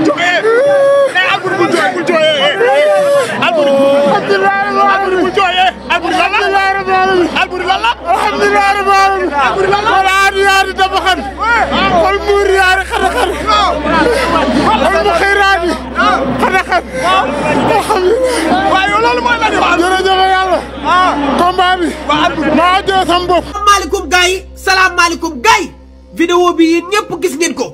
bu jooyee Alboury bu jooyee bu jooyee Alboury bu jooyee Alboury lan la Alboury lan la alhamdulilah rabbil alamin Alboury lan la wala aadi yaari dafa xan xol muur yaari xana xan xol mu xëyraadi xana xan alhamdulilah waaw loolu mooy la di wax jërëjëf yàlla combat bi maa jëlee sama bopp salaamaaleykum gars yi salaamaaleykum gars yi vidéo bi yéen ñëpp gis ngeen ko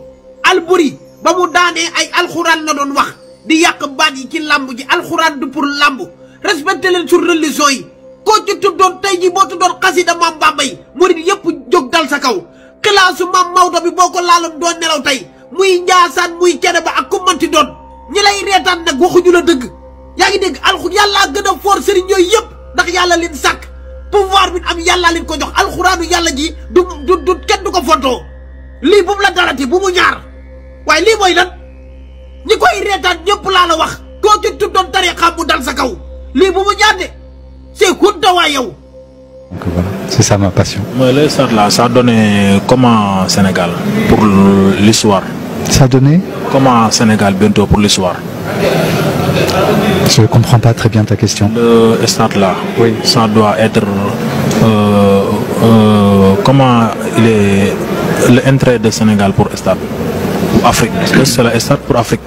Alboury ba mu daanee ay alxuraan la doon wax di yàq baat yi ki làmb ji alxuraan du pour làmb respecté leen sur religion yi koo ci tey ji boo tuddoon xasida maam Bamba yi murid yëpp jóg dal sa kaw xilaasu maam Maodo bi boo ko laaloon doo nelaw tey muy njaasaan muy cere ba ak ku mënti doon ñi lay reetaan nag waxuñu la dëgg yaa ngi dégg alxu yàllaa gën a foor sëriñ yooyu yëpp ndax yàlla leen sàkk pouvoir bi am yàllaa leen ko jox alxuraanu yàlla ji du du kenn du ko fontoo lii bu mu la darati bu mu ñaar c'est yow donc voilà c'est ça ma passion le là ça a donné comment Sénégal pour l'histoire ça a donné comment Sénégal bientôt pour l'histoire je ne comprends pas très bien ta question le stade là ça doit être euh, euh, comment il est l'entrée de Sénégal pour stade pour Afrique. C'est la stade pour Afrique.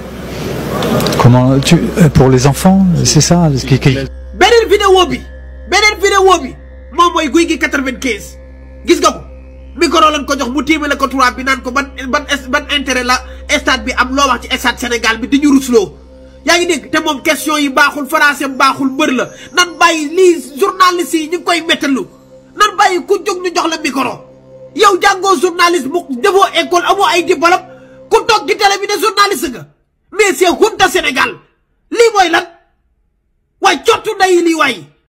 Comment tu euh, pour les enfants, c'est ça ce qui beneen vidéo bi beneen vidéo bi moom mooy guy 95 gis nga ko micro lañ ko jox mu tiimale ko trois bi nan ko ban ban ban intérêt la stade bi am lo wax ci stade Sénégal bi di ñu rusloo yaa ngi dégg te moom question yi baxul français baxul mbër la nan bàyyi li journaliste yi ñu koy mettelu nan bàyyi ku jóg ñu jox la micro yow jàngoo journaliste mu defoo école amoo ay diplôme ku toog ci télé bi ne journaliste nga mais c'est junta senegal lii mooy lan waaye cottu day lii waay